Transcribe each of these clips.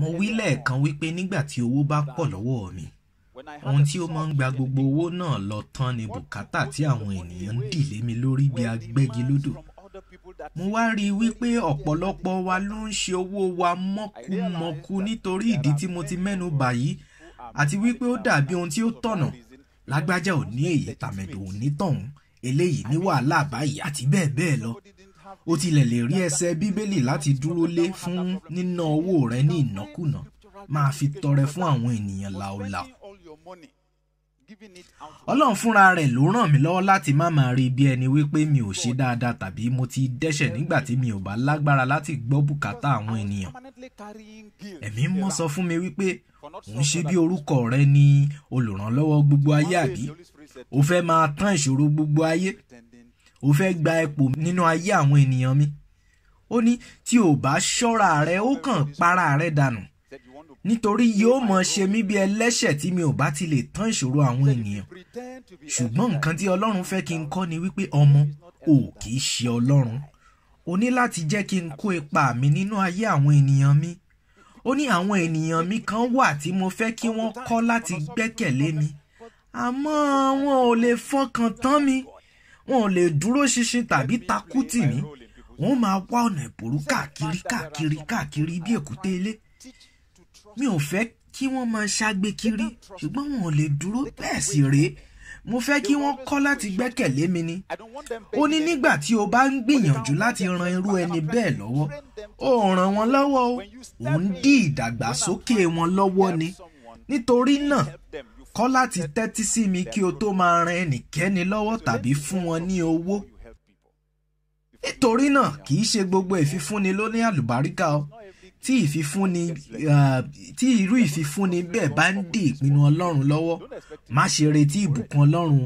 mo wí lẹ́ẹ̀kan wípé nígbà tí owó bá pọ̀ lọ́wọ́ mi ohun tí ó máa ń gba gbogbo owó náà lọ tán ni bùkátà tí àwọn ènìyàn ń dì lé mi lórí bí agbẹ́gilódò mo wá rí i wípé ọ̀pọ̀lọpọ̀ wa ló ń ṣe owó wa mọ́kúmọ́kú nítorí ìdí tí mo ti mẹ́nu bà yìí àti wípé ó dàbí ohun tí ó tọ̀nà lágbájá ò ní èyí tàmẹ̀dò ò ní tọ̀hún eléyìí ní wàhálà báyìí àti bẹ́ẹ̀ bẹ́ẹ̀ lọ o tilẹ̀ lè rí ẹsẹ̀ bíbélì láti dúró lé fún níná owó rẹ ní ìnákùná máa fi tọrẹ fún àwọn ènìyàn làólàó. Ọlọ́run fúnra rẹ̀ ló ràn mí lọ́wọ́ láti má máa rí bí ẹni wípé mi ò ṣe dáadáa tàbí mo ti dẹ́ṣẹ̀ nígbà tí mi ò bá lágbára láti gbọ́ bùkátà àwọn ènìyàn. Ẹ̀mí mọ́ sọ fún mi wípé òun ṣe bí orúkọ rẹ ni olùrànlọ́wọ́ gbogbo ayé àbí o fẹ́ máa tán ìṣòro gbogbo ayé ò fẹ́ gba ipò nínú ayé àwọn ènìyàn mi ó ní tí ò bá ṣọ́ra rẹ ó kàn para rẹ dànù nítorí yóò mọ ṣe mí bí ẹlẹ́ṣẹ̀ tí mi ò bá ti lè tán ìṣòro àwọn ènìyàn ṣùgbọ́n nǹkan tí ọlọ́run fẹ́ kí n kọ́ ni wípé ọmọ ò kì í ṣe ọlọ́run o ní láti jẹ́ kí n kó ipa mi nínú ayé àwọn ènìyàn mi ó ní àwọn ènìyàn mi kan wà tí mo fẹ́ kí wọ́n kọ́ láti gbẹ́kẹ̀lé mi àmọ́ wọn ò lè fọkàn tán mi wọn ò lè dúró ṣinṣin tàbí takú tì mí wọn máa wá ọ̀nà ìbòrú káàkiri káàkiri káàkiri bí èkúté ilé mi ò fẹ́ kí wọ́n máa ṣagbe kiri ṣùgbọ́n wọn ò lè dúró bẹ́ẹ̀ sì rèé mo fẹ́ kí wọ́n kọ́ láti gbẹ́kẹ̀lé mi ni ó ní nígbà tí o bá ń gbìyànjú láti ran irú ẹni bẹ́ẹ̀ lọ́wọ́ ó ràn wọ́n lọ́wọ́ o ń dí ìdàgbàsókè wọn lọ́wọ́ ni nítorí náà kọ́ láti tẹ́tí sí mi kí o tó máa ran ẹnikẹ́ni lọ́wọ́ tàbí fún wọn ní owó. nítorí náà kì í ṣe gbogbo ìfifúnni ló ní àlùbáríkà o tí ìfifúnni tí irú ìfifúnni bẹ́ẹ̀ bá ń dè ìpinnu Ọlọ́run lọ́wọ́ má ṣe retí ìbùkún Ọlọ́run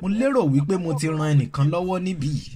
mo lérò wípé mo ti ran ẹnìkan lọ́wọ́ níbí yìí